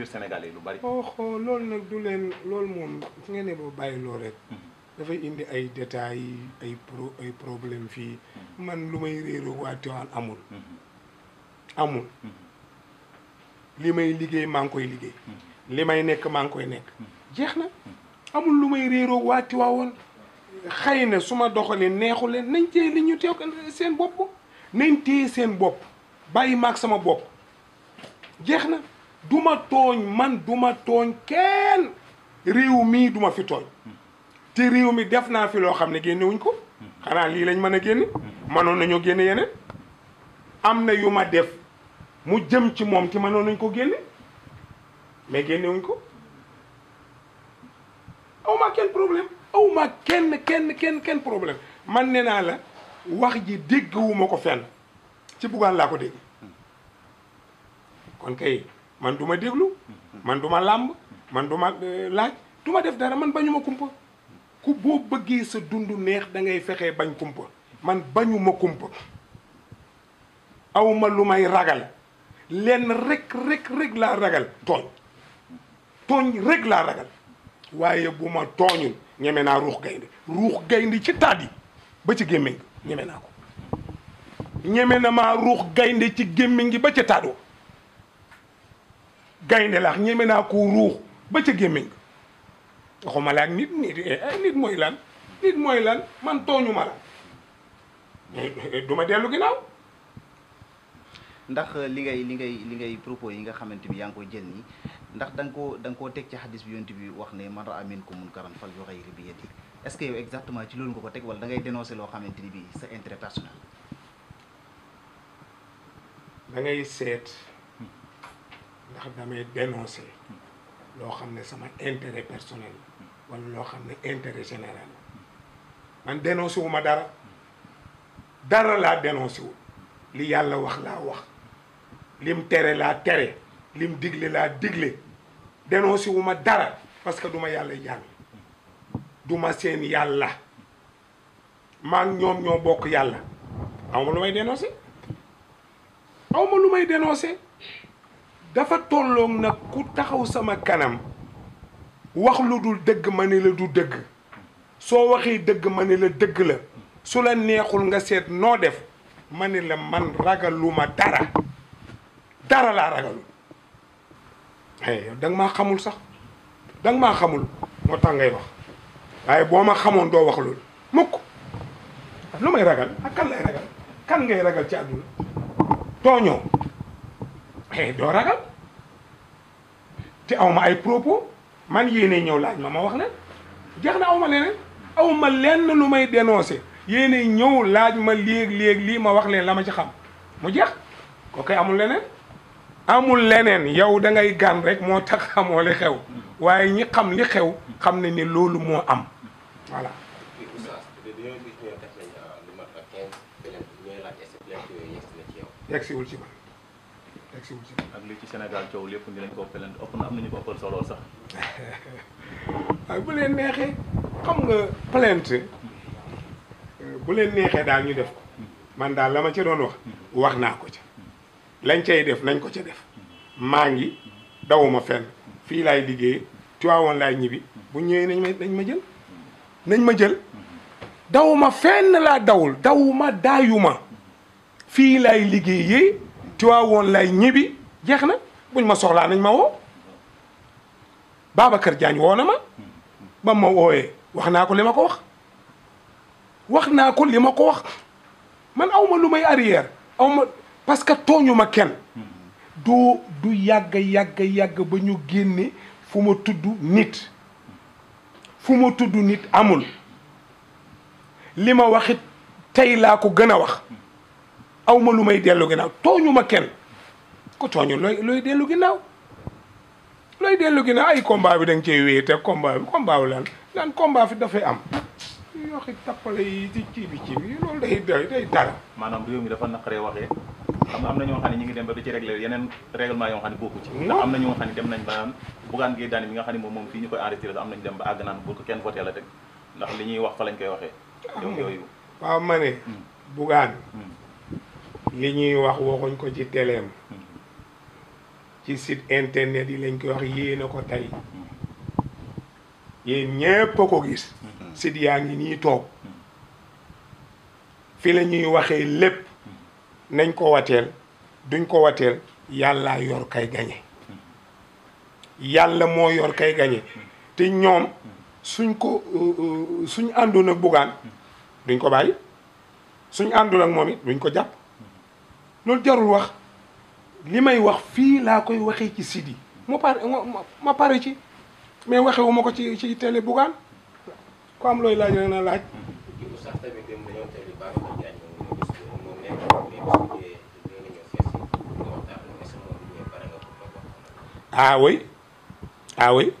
biir Sénégal lu bari. oh loolu nag du leen loolu moom su ngeen ne ba bàyyi loo rek. Mhm. dafay indi ay détails ay pro ay problème fii mhm. man lu may réeroo waa Tiwaan amul. Mhm. amul li may liggéey maa ngi liggéey. li may nekk maa koy nekk. jeex na amul lu may réeroo waa Tiwaawoon xëy na su ma doxalee neexu leen nañ téye li ñu teew seen bopp nañ téye seen bopp bàyyi maag sama bopp jeex na. duma tooñ man duma tooñ kenn réew mii duma fi tooñ te réew mi def naa fi loo xam ne génnewuñ ko xanaa lii lañ mën a génne mënoon nañoo génne yeneen am na yu ma def mu jëm ci moom te mënoon nañ ko génne mais génnewuñ ko awma kenn problème awma kenn kenn kenn kenn problème man ne naa la wax ji déggwu ma ko fenn ci buggaan laa ko dégg kon kay man du ma déglu man duma làmb man duma ma euh, laaj du ma def dara man bañu ma kumpa ku boo bëggee sa dund neex da ngay fexee bañ kumpa man bañuma ma kumpa awma lu may ragal lenn rek rek rek laa ragal tooñ tooñ rek laa ragal waaye bu ma tooñul ñeme naa ruux gaynde ruux gaynde ci taat yi ba ci gémmiñ ñeme naa ko ñeme na maa ruux gaynde ci gémmiñ gi ba ci taat wa gaynde laax ñeme naa ko ruux ba ca gémmiñ waxuma la ak nit eh, eh, mooy lan mooy lan man tooñu ma la eh, du ma dellu ginnaaw ndax li ngay li ngay li ngay propos yi nga xamante bi yaa ngi ko jël nii ndax da nga koo da nga koo teg ci xadis bi yonent bi wax ne man mun minkum munkaran falyughayyirhu bi yadihi est-ce que yow exactement ci loolu nga ko teg wala dangay ngay dénoncer loo xamante ni bii sa intérêt personnel da ngay seet ndax damay dénoncer loo xam ne sama intérêt personnel wala loo xam ne intérêt général man dénoncé wu ma dara dara laa dénoncé li yàlla wax laa wax lim tere laa tere lim digle laa digle dénoncé wu ma dara parce que du ma yàlla jàng ma seen yàlla maa ñoom ñoo bokk yàlla awma lu may dénoncé awma lu may dénoncé dafa tolloog na ku taxaw sama kanam wax lu dul dëgg ma ne la du dëgg soo waxee dëgg ma ne la dëgg la su la neexul nga seet noo def ma ne la man ragaluma dara dara laa ragalul yow da nga maa xamul sax da maa xamul moo tax ngay wax waaye boo ma xamoon doo wax loolu mukk lu may ragal ak kan lay ragal kan ngay ragal ci àdduna tooñoo mais doo ragal te aw ay propos man yéene ñëw laaj ma ma wax leen jeex na aw ma leneen awma ma lenn lu may dénoncé yéene ñëw laaj ma léeg-léeg lii ma wax leen la ma ci xam mu jeex ko kay amul leneen amul leneen yow dangay ngay rek moo tax xamoo li xew waaye ñi xam li xew xam ne ni loolu moo am ci ak li ci Sénégal coow lépp ni lañ ko pelante ëpp na am ko ëppal solo sax. waaw bu leen neexee xam nga plainte euh, bu leen neexee daal ñu def ko man daal la ma ca doon wax wax naa ko ci lañ cay def nañ ko ci def maa ngi dawuma fenn fii laay liggéey tuwaawoon laay ñibbi bu ñëwee nañ ma ma jël nañ ma jël dawuma fenn laa dawul dawuma daayuma fii laay liggéeyee woon lay ñibbi jeex na buñ ma soxlaa nañ ma woo Babacar jaañ woo na ma ba ma wooyee wax naa ko li ma ko wax wax naa ko li ma ko wax man aw ma lu may arrière awma parce que tooñu ma kenn du du yàgg yàgg yàgg ba ñu génne fu ma tudd nit fu ma tudd nit amul li ma waxit tey laa ko gën a wax aw ma lu may dellu ginnaaw tooñu ma kenn ko tooñu looy looy dellu ginnaaw looy dellu ginnaaw ay combat bi da nga cee te combat bi combat wu lan lan combat fi am yooxi tappale yi ci ci bi ci bi loolu day day day dara maanaam réew mi dafa naqaree waxee xam nga am na ñoo xam ne ñu ngi dem ba di ci réglé yeneen règlement yoo xam ne bokku ci am na ñoo xam dem nañ ba naan bugaan gi daan mi nga xam ne moom moom fii ñu koy enregistré am nañ dem ba àgg naan bu li ñuy wax fa lañ koy waxee yow ah, yooyu waaw ma ne hmm. bugaan hmm. li ñuy wax waxuñ ko ci teleem ci site internet yi lañ koy wax yéena ko tey yéen ñépp ko gis site yaa ngi nii toog fi la ñuy waxee lépp nañ ko wateel duñ ko wateel yàlla yor kay gañe yàlla moo yor kay gañe te ñoom suñ ko suñ àndoon ak bugaan duñ ko bàyyi suñ àndul ak moom it duñ ko loolu jarul wax li may wax fii laa koy waxee ci Sidi mu pare ma pare ci mais waxewuma ko ci ci télé Bougane ku am looy laaj na laaj ah oui ah oui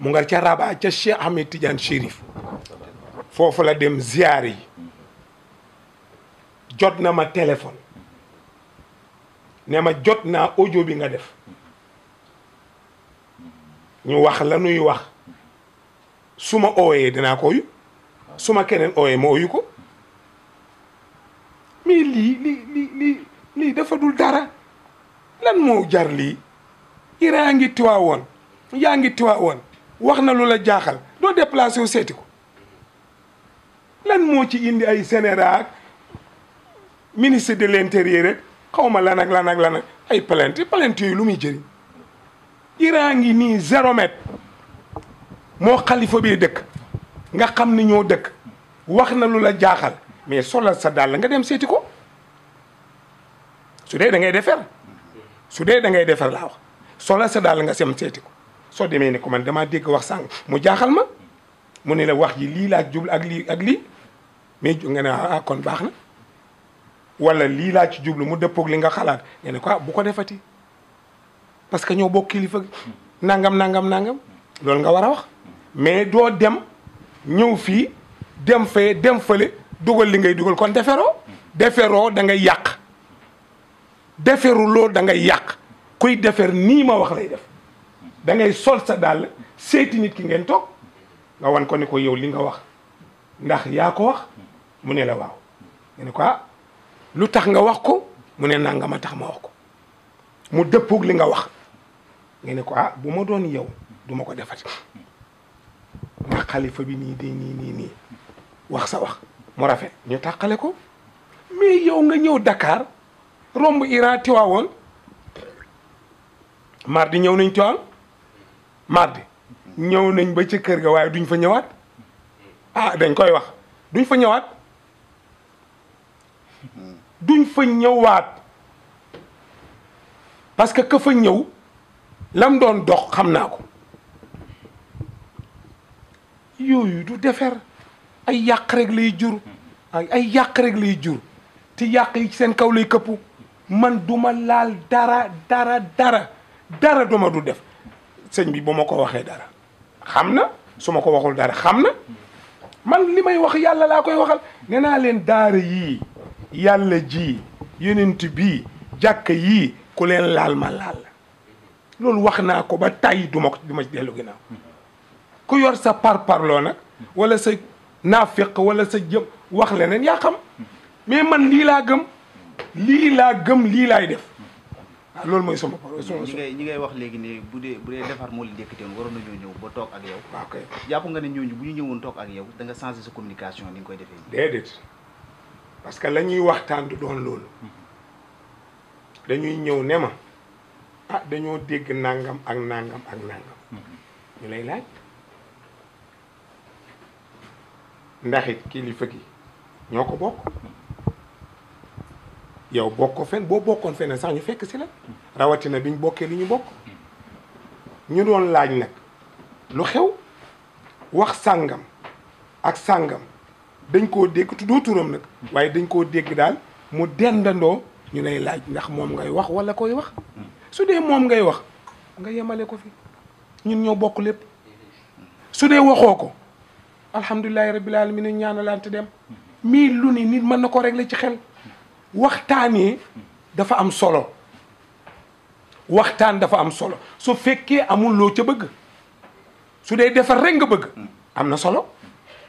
mu ngar ca Rabat ca Cheikh Ahmed Tidiane Chérif foofu la dem ziyaar yi jot na ma téléphone ne ma jot naa audio bi nga def ñu wax la wax su ma ooyee dinaa ko oyu su ma keneen ooyee ma oyu ko mais lii lii lii lii dafa dul dara lan moo jar lii iraa ngi tiwaa woon yaa ngi tiwaa woon wax na lu la jaaxal doo déplacé wu seeti ko lan moo ci indi ay sénéraak ministre de l'intérieur rek xaw ma lan ak lan ak lan ay plainte plainte yooyu lu muy jëriñ Iran ngi nii zéro mètre moo xalifa bi dëkk nga xam ni ñoo dëkk wax na lu la jaaxal mais solal sa dàll nga dem seeti ko su dee da ngay defar su dee da ngay defar laa wax solal sa dàll nga sem seeti ko soo demee ne ko man damaa dégg wax sàng mu jaaxal ma mu ne la wax ji lii laa jublu ak lii ak lii mais nga ne ah, ah kon baax na wala lii laa ci jublu mu dëppoog li nga xalaat nga ne quoi ah, bu ko defati parce que ñëw bokk kilifa nangam nangam nangam loolu nga war a wax mais doo dem ñëw fii dem fee dem fële dugal li ngay dugal kon deferoo deferoo da ngay yàq deferu loo da ngay yàq kuy defer nii ma wax ngay sol sa dàll seeti nit ki ngeen toog nga wan ko ni yow li nga wax ndax yaa ko wax mu ne la waaw lu tax nga wax ko mu ne nangam a tax ma wax ko mu dëppoog li nga wax nga ne ko ah bu ma doon yow du ma ko defati ma xalifa bi nii di nii nii nii wax sa wax mu rafet ñu tàqale ko mais yow nga ñëw dakaar romb Ira Tiwaawoon mardi ñëw nañ Tiwaawoon mardi ñëw nañ ba ci kër ga waaye duñ fa ñëwaat ah dañ koy wax duñ fa ñëwaat duñ fa ñëwaat parce que ka fa ñëw lam doon dox xam naa ko yooyu du defer ay yàq rekk lay jur ay ay yàq rek lay jur te yàq yi ci seen kaw lay këppu man duma laal dara dara dara dara duma du def sëñ bi bu ma ko waxee dara xam na su ma ko waxul dara xam na man li may wax yàlla laa koy waxal nee naa leen daara yii yàlla ji yonent bii jàkk yii ku leen laal ma laal loolu wax naa ko ba tàyyi duma ko duma dellu ginnaaw ku yor sa par parloo nag wala sa naafiq wala sa jëm wax leneen yaa xam mais man lii laa gëm lii laa gëm lii laay def waaw ah, loolu mooy sama parole ñi ngay wax léegi ne bu dee bu dee defar moo leen dékkitewoon waroon nañoo ñëw ba toog ak yow. Ah, nga ne ñooñu bu ñu ñëwoon toog ak yow da nga changé sa communication ni nga koy defee. déedéet. parce que la waxtaan du doon loolu dañuy ñëw nema ma ah, dañoo dégg nangam ak nangam ak nangam ñu lay laaj ndax kilifa gi ñoo ko bokk yow bokko fen boo bokkoon feneen sax ñu fekk si la rawatina biñ bokkee li ñu bokk ñu doon laaj nag lu xew wax sàngam ak sàngam dañ ko dégg tuddoo turam nag waaye dañ koo dégg daal mu dendandoo ñu lay laaj ndax moom ngay wax wala koy wax su dee moom ngay wax nga yemale ko fi ñun ñoo bokk lépp su dee waxoo ko alhamdulilahi rabbil alamin ñaanalante dem mii lu ni nit mën na ko régler ci xel waxtaanee dafa am solo waxtaan dafa am solo su fekkee amul loo ca bëgg su dee defar rek nga bëgg am na solo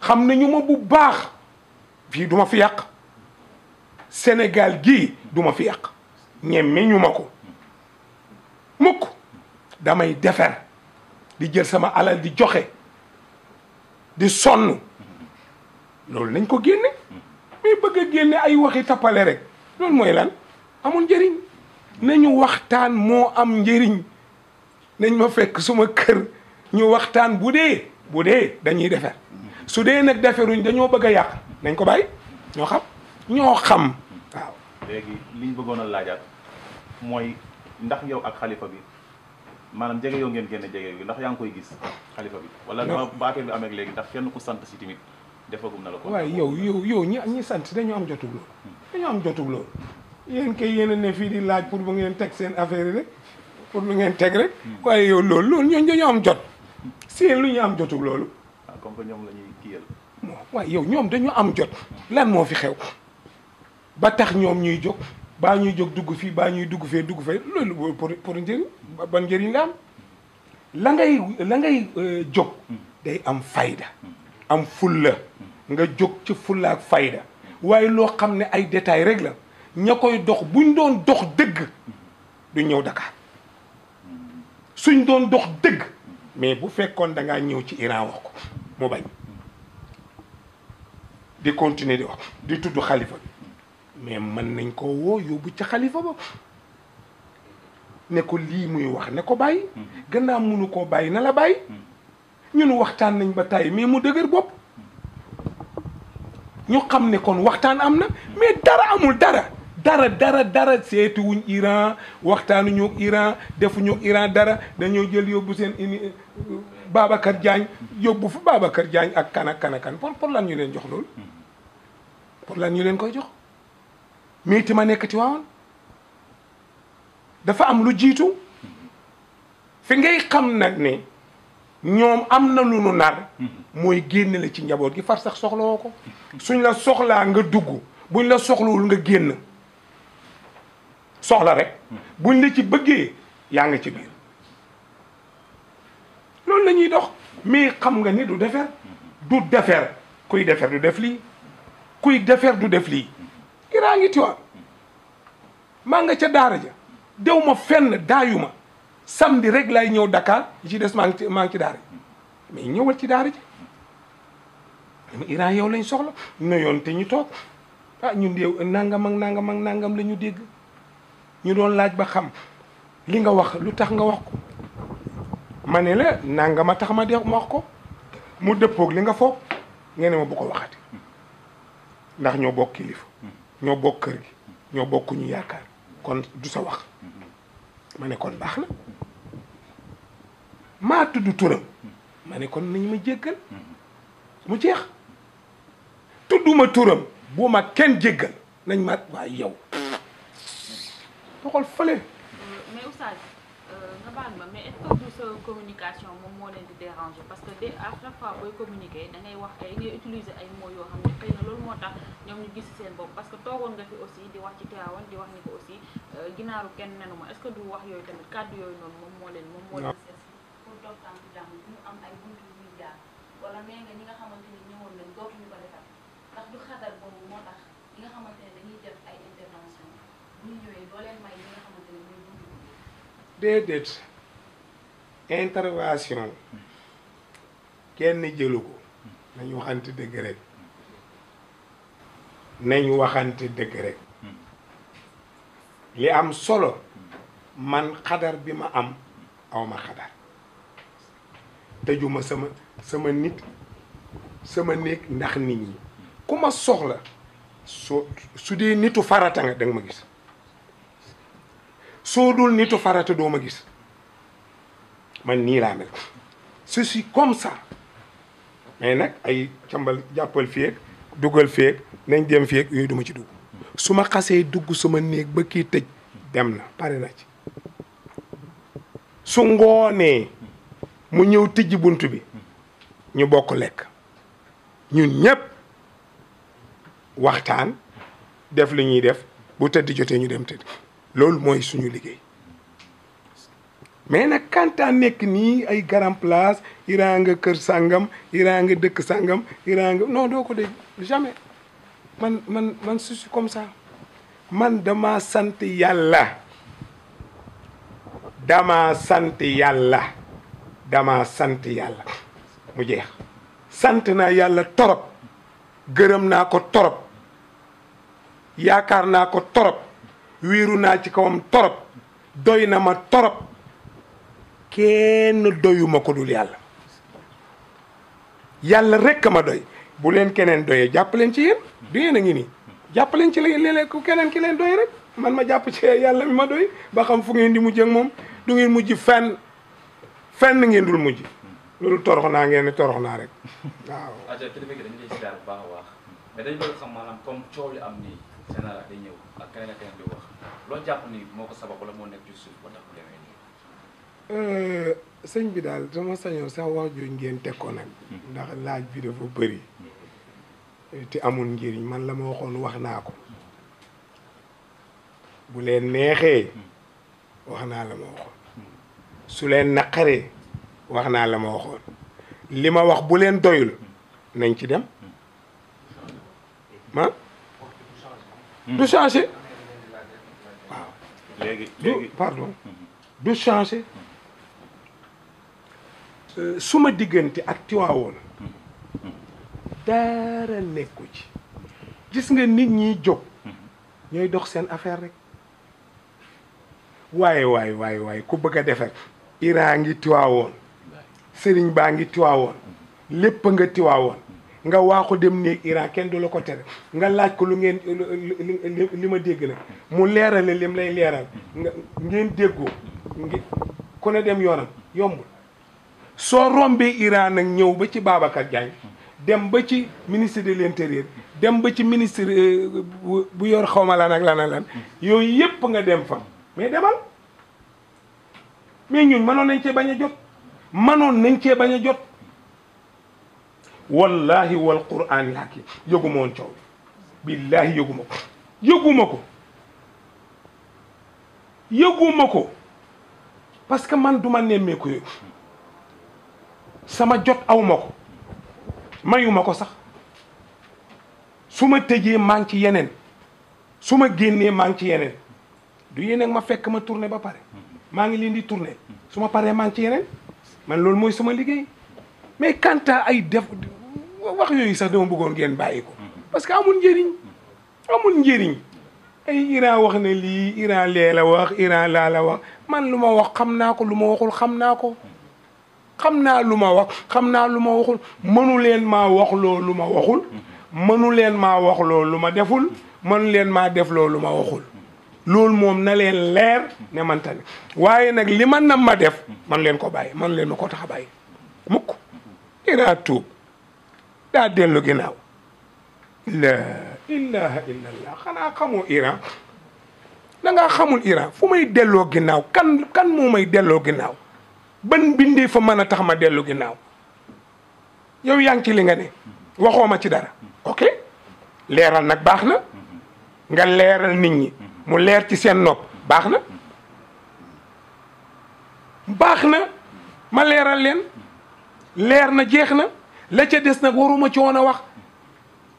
xam nañu ma bu baax fii du ma fi yàq Sénégal gii duma ma fi yàq ñemme ñu ma ko mukk damay defer di jël sama alal di joxe di sonn loolu nañ ko génne mais bëgg a génne ay waxi tappale rek loolu mooy lan amul njëriñ nañu waxtaan moo am njëriñ nañ ma fekk suma kër ñu waxtaan bu dee bu dee dañuy defer su dee nag deferuñ dañoo bëgg a yàq dañ ko bàyyi ñoo xam ñoo xam waaw. léegi liñ bëggoon a laajaat mooy ndax yow ak xalifa bi maanaam jege yoo ngeen génne jege bi ndax yaa ngi koy gis xalifa bi. wala dama baafee bi amee léegi ndax kenn ku sant si tamit defagum na la ko. waaye yow yow yow ñi ñi sant dañu am jotug loolu. dañu am jotug loolu. yéen kay yéen ne fii di laaj pour bu ngeen teg seen affaire yi rek pour lu ngeen teg rek. Hmm. waaye yow loolu loolu ñooñu dañoo am jot. seen lu ñu am jotug loolu. Ah, comme ñoom la ñuy waaye yow ñoom dañu am jot lan moo fi xew ba tax ñoom ñuy jóg baa ñuy jóg dugg fii baa ñuy dugg fee dugg fee loolu pour pour njëriñ ban njëriñ la am la ngay la ngay euh, jóg day am fayda am fulla nga jóg ci fulla ak fayda waaye loo xam ne ay détails rek la ña koy dox buñ doon dox dëgg du ñëw Dakar suñ doon dox dëgg mais bu fekkoon da ngaa ñëw ci Iran wax ko mu bañ di continuer di wax di tudd xalifa bi mais mën nañ koo woo yóbbu ca xalifa ba ne lii muy wax ne ko bàyyi hmm. gannaaw munu koo bàyyi na la bàyyi hmm. ñun waxtaan nañ ba tàyyi mais mu dëgër bopp hmm. ñu xam ne kon waxtaan am na mais dara amul dara dara dara dara seetuwuñ Iran waxtaanuñu Iran defuñu Iran dara dañoo jël yóbbu seen uni Babacar Diagne yóbbu fu Babacar Diagne ak kan ak kan ak kan pour pour lan ñu leen jox loolu pour lan ñu leen koy jox mii ti ma nekk ci waawoon dafa am lu jiitu fi ngay xam nag ni ñoom am na lu nu nar mooy génne la ci njaboot gi far sax soxlawoo ko suñ la soxlaa nga dugg buñ la soxlawul nga génn soxla rek buñ la ci bëggee yaa ngi ci biir loolu lañuy dox mais xam nga ni du defer du defer kuy defer du def lii kuy defar du def lii iraa ngi tiwaan maa nga ca daara ja dew ma fen daayu ma samedi rek lay ñëw dakaar yi ci des maa ngi ci maa ngi ci daara ji ma iran yow lañ soxla na te ñu toog ah ñun yow nangam ak nangam ak nangam la dégg ñu doon laaj ba xam li nga wax lu tax nga wax ko ma ne la ma tax ma de wax ko mu dëppoog li nga foog nga ma bu ko waxati ndax ñoo bokk kilifa ñoo bokk kër gi ñoo bokk yaakaar kon du sa wax ma ne kon baax na maa tudd turam ma ne kon nañ ma jéggal mu jeex tudduma turam bu kenn jéggal nañ ma waaye yow doxal mm-hmm. fële euh, Euh, nga baal ma mais est-ce communication moom moo leen di déranger parce que de à chaque fois booy communiquer da wax ay ngay utiliser ay mots yoo xam ne xëy na loolu moo tax ñoom ñu gis seen bopp parce que toogoon nga fi aussi di wax ci teewaan di wax ni ko aussi euh, ginaaru kenn nenu ma est du wax yooyu tamit kàddu yooyu noonu moom moo leen moom moo leen sees pour toog tànk jàmm ñu am ay buntu ñuy jaar wala mais nga ñi nga xamante ni ñëwoon nañ dootuñu ko defal ndax du xadar xamante ne dañuy def dedet intervention kenn jëlu ko nañu xanti deug rek nañu waxanti deug rek li am solo man xadar bima ma am awma xadar tëjuma sama sama nit sama nek ndax nit ñi kuma soxla su nitu farata nga dang ma gis soo dul nitu farata doo ma gis man nii laa mel je suis comme ça mais nag ay càmbal jàppal fii dugal fii nañ dem fii yooyu duma ci dugg su ma xasee dugg suma néeg ba kii tëj dem na pare na ci su ngoonee mu ñëw tijji bunt bi ñu bokk lekk ñun ñépp waxtaan def li ñuy def bu tëdd jotee ñu dem tëdd loolu mooy suñu liggéey mais nag kantaa nekk nii ay grand place iraa nga kër sàngam iraa nga dëkk sàngam iraa nga non doo ko dégg jamais man man man je suis comme ça man dama sant yàlla dama sant yàlla dama sant yàlla mu jeex sant na yàlla torop gërëm naa ko torop yaakaar naa ko torop wéeru naa ci kawam torop doy na ma torop kenn doyuma ko dul yàlla yàlla rekk ma doy bu leen keneen doyee jàpp leen ci yéen du yéen a ngi nii jàpp leen ci léeg-léeg ku keneen ki leen doy rek man ma jàpp ci yàlla mi ma doy ba xam fu ngeen di mujj ak moom du ngeen mujj fenn fenn ngeen dul mujj loolu torox naa ngeen ne torox naa rek waaw. dañu doon général day ñëw ak keneen ak keneen di wax loo euh, sëñ bi daal dama sañoon sax wax jooju ngeen teg ko nag. Hmm. ndax laaj bi dafa bëri. Hmm. te amul njëriñ man la ma waxoon wax naa ko. bu leen neexee. Hmm. wax naa la ma waxoon. su leen naqaree. wax naa la ma waxoon. li ma wax bu leen doyul. nañ ci dem. ma du changé waaw. léegi léegi mm-hmm. du changé euh, suma diggante ak Tiwaawoon mm-hmm. dara nekku ci gis nga nit ñiy jóg mm-hmm. ñooy dox seen affaire rek waaye waaye waaye waaye ku bëgg a defar Iran ngi Tiwaawoon sëriñ baa ngi Tiwaawoon lépp nga Tiwaawoon nga waaxu dem néeg Iran kenn du la ko tere nga laaj ko lu ngeen li ma dégg na mu leerale lim lay leeral nga ngeen déggoo ku ne dem yoonam yombul soo rombee Iran nag ñëw ba ci Babacar Diagne dem ba ci ministre de l'intérieur dem ba ci ministre euh, bu yor xawma lan ak lan ak lan yooyu yëpp nga dem fa mais demal mais ñun mënoon nañ cee bañ a jot mënoon nañ cee bañ a jot wallahi wal qur'aanil hakiim yëgu ma woon coow billaahi yëgu ma ko yëgu ko yëgu ko parce que man du ma nemmeeku yooyu sama jot awuma ko mayuma ko sax su ma tëjee maa ci yeneen su ma génnee maa ngi ci yeneen du yeneen ma fekk ma tourné ba pare maa ngi leen di tourné su ma paree maa ngi ci yeneen man loolu mooy suma liggéey mais quant ay def wax yooyu sax dama bëggoon ngeen bàyyi parce que amul njëriñ amul njëriñ ay Iran wax ne lii Iran lee la wax Iran laa la wax man lu ma wax xam naa ko lu ma waxul xam ko xam naa wax xam naa waxul mënu leen maa wax loo lu waxul mënu leen maa wax loo lu deful mënu leen maa def loo lu waxul loolu moom na len leer ne man tan waye nak li man na ma def man len ko baye man len ko tax baye mukk Iran tuub daa dellu ginnaaw la ilaha illallah xanaa xamoo Iran da xamul Iran fu may delloo ginnaaw kan kan moo may delloo ginnaaw ban bindee fa mën a tax ma dellu ginnaaw yow yaa ngi ci li nga ne waxoo ma ci dara ok leeral nag baax na nga leeral nit ñi mu leer ci seen nopp baax na baax na ma leeral leen leer na jeex na la ca des nag waruma ci woon a wax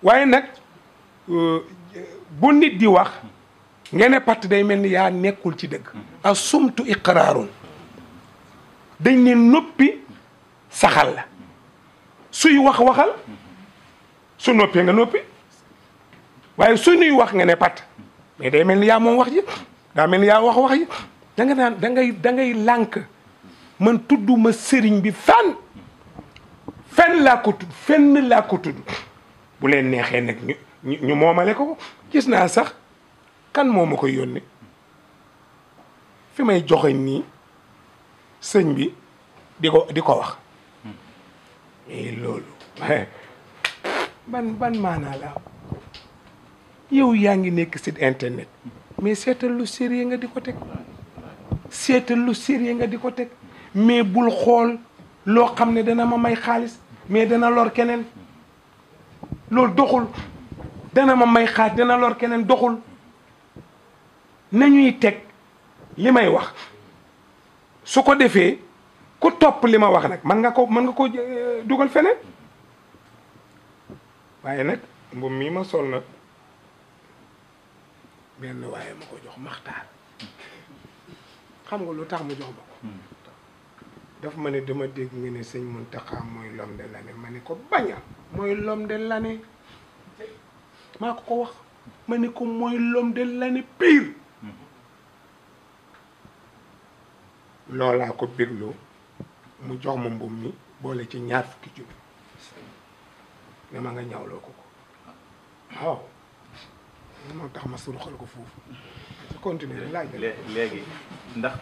waaye nag euh, bu nit di wax nga ne patt day mel ni yaa nekkul ci dëkk a sumtu iqraarun dañ ne noppi saxal la suy wax waxal su noppee nga noppi waaye su nuy wax nga ne patt mais day mel ni yaa moom wax ji daa mel ni yaa wax wax ji da nga naan da ngay da lànk man tudduma sëriñ bi fànn fenn la ko tud fenn la ko tud bu len nexé nak ñu momalé ko gis na sax kan momako ma fi may joxe ni señ bi diko diko wax mais eh, lolu ban ban mana la yow yaangi nek sit internet mais seetal lu sérieux nga diko tek teg lu sérieux nga diko tek mais bul xol lo xamne dana ma may xaliss mais dana lor kenen lol doxul dana ma may xaaj dana lor kenen doxul nañuy tek limay wax su ko defé ku top lima wax nak man nga ko man nga ko dugal fenen waye nak mbubb mi ma sol nak ben waye mako jox maxtaar xam nga lutax mu jox bako daf ma ne dama dégg nga ne sëñ Mountakha mooy l'homme de l'année ma ne ko baña mooy l'homme de l'année maa ko ko wax ma ne ko mooy l'homme de l'année pire loolaa ko bégloo mu jox ma mbubb mi boole ci ñaar fukki jub ne ma nga ñawloo ko ko waaw moo tax ma surxal ko foofu continuer laaj léegi ndax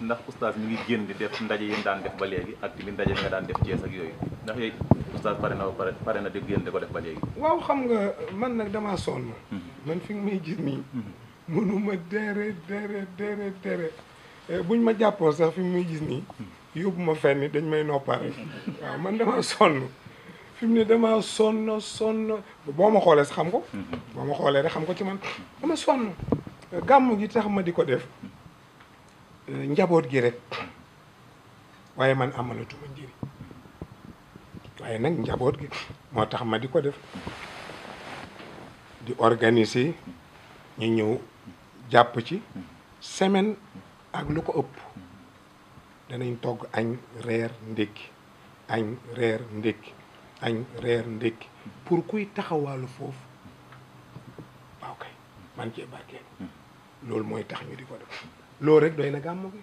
ndax oustaz mi ngi génn di def ndaje yi daan def ba léegi ak bi ndaje bi nga daan def Thiès ak yooyu ndax yooyu oustaz pare na pare pare na di génn di ko def ba léegi waaw xam nga man nag damaa sonn mhm. man fi nga may gis nii mhm. mënuma dere dere dere dere eh, buñ ma jàppoon sax fi muy gis nii mhm. yóbbu ma fenn dañ may noppare man damaa sonn fi mu ne damaa sonn sonn boo ma xoolee sax xam ko boo ma xoolee rek xam ko ci man dama sonn gàmm gi tax ma di ko def Euh, njaboot gi rek waaye man amalatuma njëriñ waaye nag njaboot gi moo tax ma di ko def di organiser ñu ñëw jàpp ci semaine ak lu ko ëpp danañ togg añ reer ndékki añ reer ndékki añ reer ndékki pour kuy taxawaalu foofu waaw kay man cee barkeel hmm. loolu mooy tax ñu di ko def loolu rek doy na gàmmu gi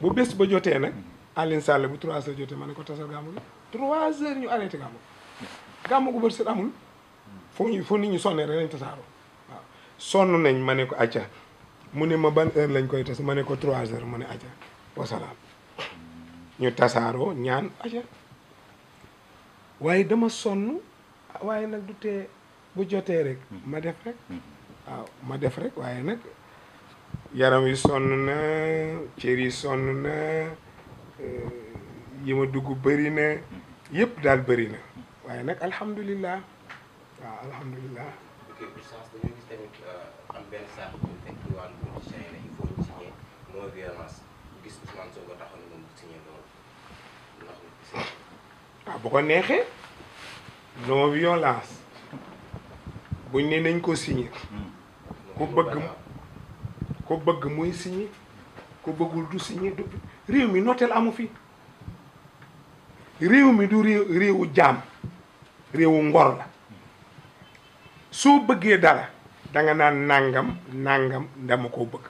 bu bés ba jotee nag Alioune Sall bu 3 heures jotee ma ne ko tasal gàmmu gi 3 ñu arrêté gàmmu gi gàmmu gu bër set amul foo ñu foo nit ñu sonnee rek lañ tasaaroo waaw sonn nañ ma ne ko acca mu ne ma ban heure lañ koy tas ma ne ko 3 heures ma ne acca wasalaam ñu tasaaroo ñaan acca waaye dama sonn waaye nag du tee bu jotee rek ma def rek mm-hmm. waaw ma def rek waaye nag yaram yi sonn na cër yi sonn na euh, yi ma dugg bëri na daal bëri waaye nag alhamdulilah waaw alhamdulilah. ok euh, ah, bu ko neexee non violence buñ ne nañ ko signé hmm. ku bëgg. ko bëgg muy signé ko bëggul du signé du réew mi nooteel amu fi réew mi du réew réewu jaam réewu ngor la soo bëggee dara da nga naan nangam nangam dama koo bëgg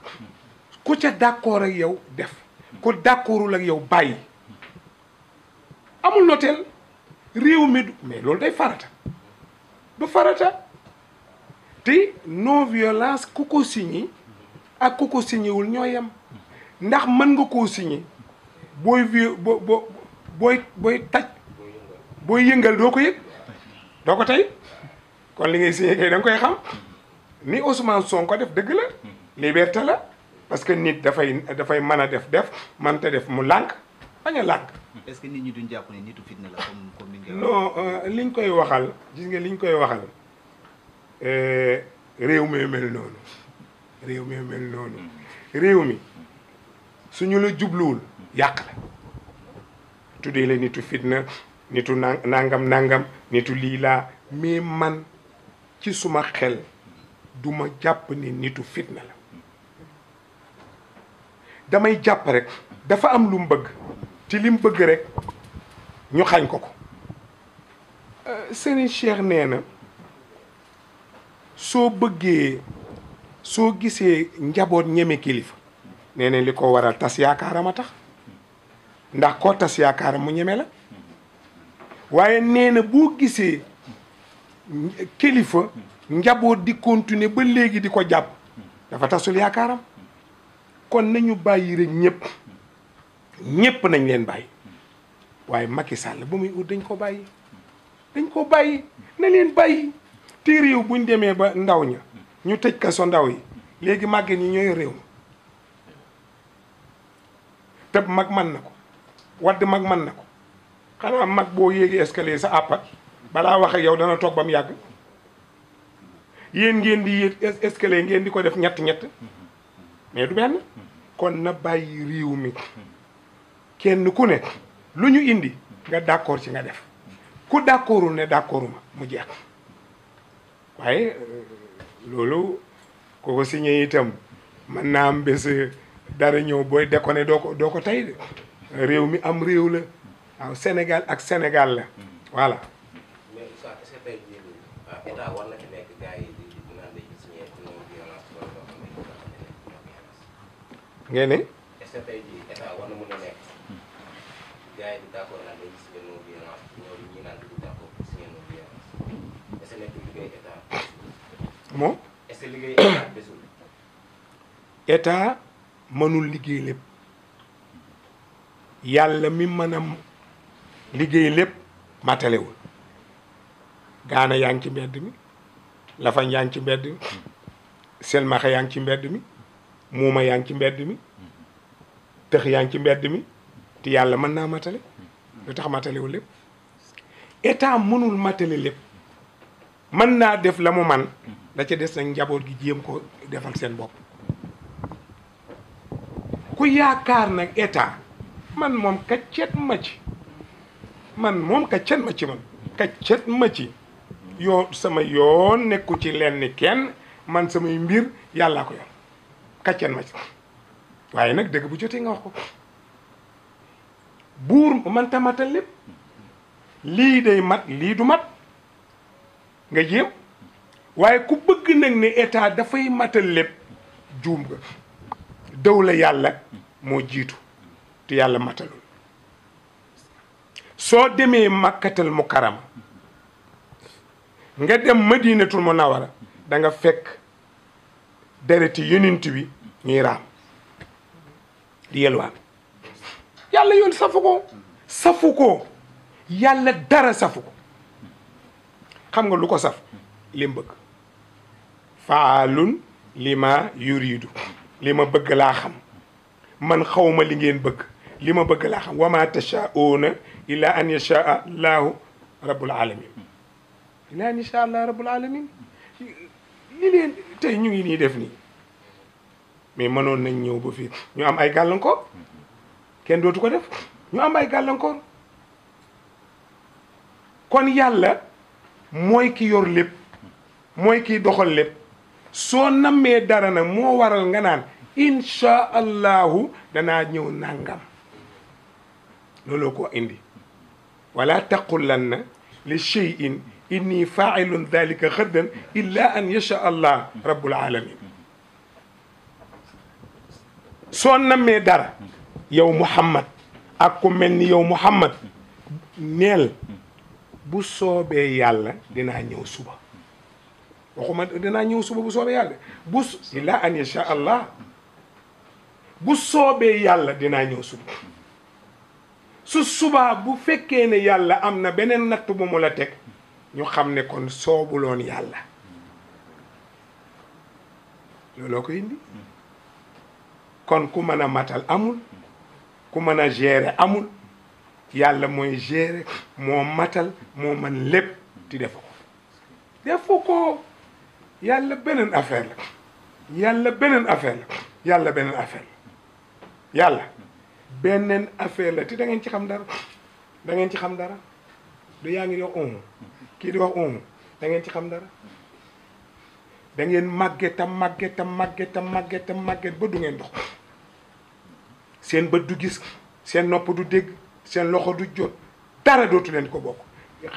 ku ca d'accord ak yow def ku d'accordul ak yow bàyyi amul nooteel réew mi du mais loolu day farata du farata te non ku ko signé ak ku ko signéwul ñoo yem ndax mën nga koo signé booy vieux bo bo booy booy taj booy yëngal doo ko yëg doo ko tey kon li ngay signé kay da nga koy xam ni soon ko def dëgg la liberté la parce que nit dafay dafay mën a def def man te def mu lànk bañ a lànk. est-ce que nit ñi duñ jàpp ne nitu fitna la comme comme ni non euh, liñ koy waxal gis nga liñ koy waxal euh, réew mi mel noonu. réew mi mel noonu réew mi suñu la la nitu fitna nitu nangam nangam nitu lila, meman, mais man ci suma xel duma jàpp ni nitu fitna la damay jàpp rek dafa am lu mu bëgg ci li mu rek ñu euh, Serigne Cheikh soo gisee njaboot ñeme kilifa nee na li ko waral tas yaakaaram a tax ndax koo tas yaakaaram mu ñeme la waaye neena boo gisee kilifa njaboot di continuer ba léegi di ko jàpp dafa tasul yaakaaram kon nañu bàyyi rek ñëpp ñëpp nañ leen bàyyi waaye Macky sàll ba muy ut dañ ko bàyyi dañ ko bàyyi na leen bàyyi te réew buñ demee ba ndaw ña ñu tëj kaso ndaw yi léegi màgget ñi ñooy réew tëb mag man na ko wadd mag man na ko xanaa mag boo yéegi escalier sa àppa balaa wax ak yow dana toog ba mu yàgg yéen ngeen di yéeg escalier ngeen di ko def ñett ñett mais du benn kon na bàyyi réew mi kenn ku ne lu ñu indi nga d'accord ci nga def ku d'accordul ne ma mu jeex waaye euh, loolu ko ko signé itam mën naa am bés eh, dara ñëw booy déconné doo ko doo ko tey réew mi am réew la waaw Sénégal ak Sénégal la voilà. mais liggéey état mënul liggéey lépp yàlla mi mën a liggéey lépp matalewul gaana yaa ngi ci mbedd mi lafañ yaa ngi ci mbedd mi selmaxa yaa ngi ci mbedd mi muuma yaa ngi ci mbedd mi tëx yaa ngi ci mbedd mi te yàlla mën naa matale lu tax matalewul lépp état mënul matale lépp mën naa def la mu man da ca des nag njaboot gi jéem ko defal seen bopp ku yaakaar nag état man moom kaccet ma ci man moom kaccet ma ci man kaccet ma ci yoo sama yoon nekku ci lenn kenn man samay mbir yàllaa ko yoon kaccet ma ci waaye nag dëgg bu jotee nga wax ko buur man tamatal lépp lii day mat lii du mat nga jéem waaye ku bëgg nag ne état dafay matal lépp juum nga daw yàlla moo jiitu te yàlla matalul soo demee màkkatal mukarama nga dem madinatul munawara da danga fekk dereti yonent bi ñuy raam di yelwaan yàlla yoon safu ko safu ko yàlla dara safu ko xam nga lu ko saf lim bëgg فعال لما يريد لما بغى لا من خوما لي نين لما بغى لا وما تشاؤون الا ان يشاء الله رب العالمين الا ان يشاء الله رب العالمين لي لين تاي نيغي ني ديف ني مي مانون نا ام اي غالانكور كين دوتو كو ديف ام اي غالانكور كون يالا موي كي يور ليب موي soo nammee dara nag moo waral nga naan insha allahu danaa ñëw nangam looloo ko indi wala taqulanna li cheyin inni failun dalika xaddan illa an yasha allah rabbul alamin soo nammee dara yow muhammad ak ku mel yow muhammad neel bu soobee yàlla dinaa ñëw suba waxuma dinaa ñëw suba bu soobee yàlla bu illa allah bu soobee yàlla dinaa ñëw suba su subaa bu fekkee ne yàlla am na beneen natt bu mu la teg ñu xam ne kon soobuloon yàlla looloo ko indi kon ku mën a matal amul ku mën a gérer amul yàlla mooy gérer moo matal moo mën lépp ti defu ko defu ko yàlla beneen affaire la yàlla beneen affaire la yàlla beneen affaire la yàlla beneen affaire la te da ci xam dara dangeen ci xam dara du yaa ngi di wax on kii di wax on da ngeen ci xam dara da màgget a màgget a màgget a màgget a màgget ba du ngeen dox seen bët du gis seen nopp du dégg seen loxo du jot dara dootu leen ko bokk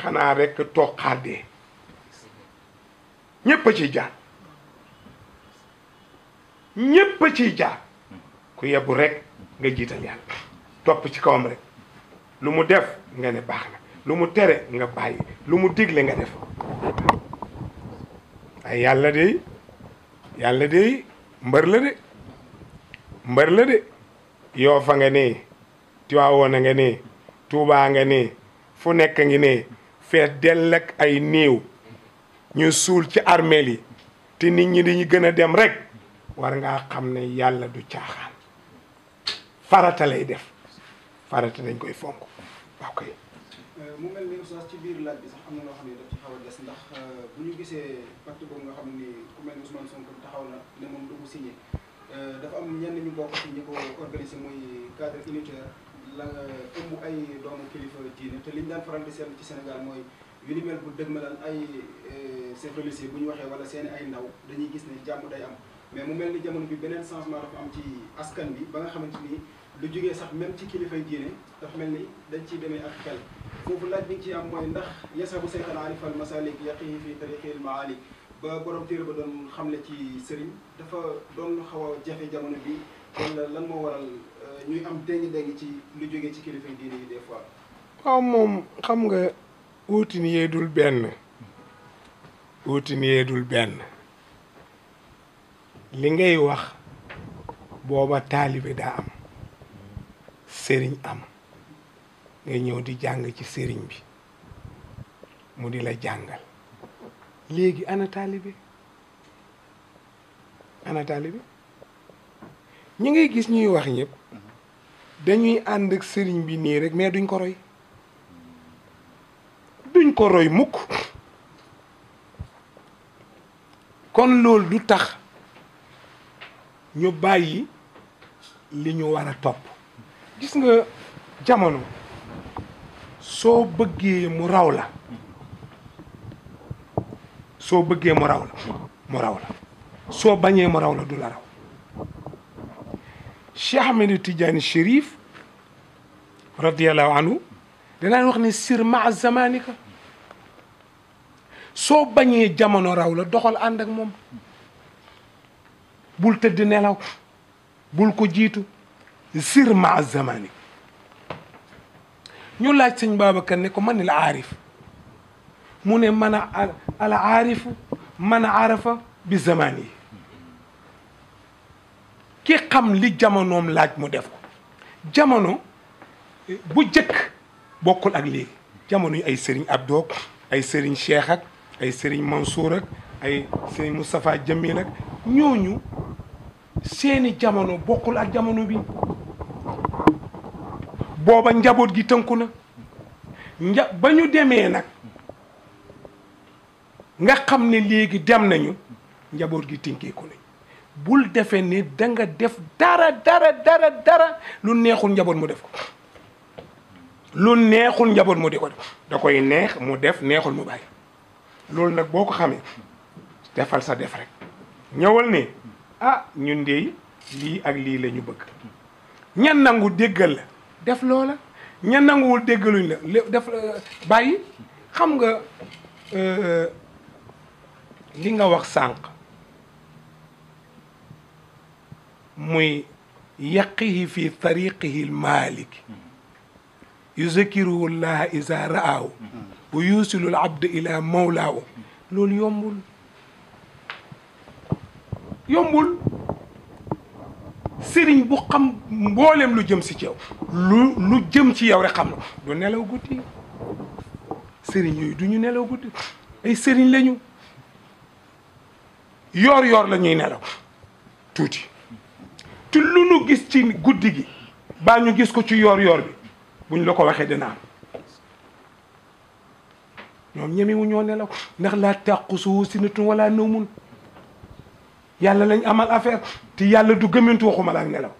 xanaa rekk toog xaar dee ñépp a ciy jaar ñépp a ciy jaar ku yebbu rekk nga jiital yàlla topp ci kawam rek lu mu def nga ne baax na lu mu tere nga bàyyi lu mu digle nga def ay yàlla de yàlla de mbër la de mbër la de yoo nga ne Tiwaawoon nga ne Tuubaa nga ne fu nekk ngi ne feet dell ak ay niiw ñu sul ci armée li té nit ñi dañu gëna dem rek war nga xamné yalla du caaxaan farata lay def farata dañ koy fonk waaw koy euh, mu mel ni oustaz ci bir laaj bi sax amna lo xamné xam daf ci xawa dess ndax euh, bu ñu gisee pacte bo nga xamné ku mel Ousmane Sonko taxaw na né mom du ko signé euh, dafa am ñen ñu bokk ci ñiko organiser moy cadre unitaire la ëmb ay doomu kilifa diine te liñ daan faral di seetlu ci Sénégal moy يونيمال بودمال أي سفليسي بني وحى ولا سين أي ناو دنيا كيس نجام وداي أم مي مومل نجام ونبي بنين سانس معروف أم تي أسكان بي بعها خمنتني لجوجي صح مم تي كيلي في دينه تفملني دنتي بمي أخكل فوفلات بيجي أم وين دخ يس أبو العارف المسالك يقيه في طريق المعالي بعمر كتير بدون خملة تي سرين دفع دون خوا جفة جام ونبي ولا لما ورا نيو أم تيني دنتي لجوجي تي كيلي في دينه دفع أمم خمغه uutin yee dul benn uutin yee dul benn li ngay wax booba taalibe daa am sëriñ am ngay ñëw di jàng ci sëriñ bi mu di la jàngal léegi ana taalibe ana ngay gis ñuy wax ñëpp dañuy ànd ak sëriñ bi nii rek mais duñ ko ko roy mukk kon loolu du tax ñu bàyyi li ñu war a topp gis nga jamono soo bëggee mu raw la soo bëggee mu raw la mu raw la soo bañee mu raw la du la raw Cheikh Ahmed Tidiane Chérif radiyallahu anhu wax ne sir ma zamanika so bañé jamono raw la doxal ànd ak mom bul teud nelaw bul ko jitu sir ma zamani ñu laaj sëñ Babacar ne ko man il arif mune man a al aarifu man arafa bi zamani ki xam li jamono mom laaj mu def ko jamono bu jëkk bokul ak li jamono ay serigne abdo ay serigne Cheikh ak ay sëriñ Mansour ak ay sëriñ mustafaa Jamil nag ñooñu seeni jamono bokkul ak jamono bi booba njaboot gi tënku na nja ba ñu demee nag nga xam ne léegi dem nañu njaboot gi tinkeeku nañ bul defee ne danga def dara dara dara dara lu neexul njaboot mu def ko lu neexul njaboot mu di def da koy neex mu def neexul mu bàyyi loolu nag boo ko xamee defal sa def rek ñëwal ne ah ñun de lii ak lii la ñu bëgg ñan nangu déggal la def loola ñan nanguwul déggaluñ la def euh, bàyyi xam nga euh, euh, li nga wax sànq muy yaqihi fi tariqihi lmaaliki mm-hmm. yuzakiruhu llaha isa raahu mm-hmm. ويوصل العبد الى مولاه لول يومول يومول سيرين بو خم مبولم لو جيم سي تيو لو جيم سي ياو ري خم دو نيلو غوتي سيرين يوي دو نيلو غوتي اي سيرين لا نيو يور يور لا ني نيلو توتي تي غيس تي غودي غي با نيو غيس كو تي يور يور بي بون لاكو واخي دنا ñoom ñemewu ñoo nelaw ndax laa tàqusuhu sinatun wala nawmun yàlla lañ amal affaire te yàlla du gëmmentu waxuma laa nelaw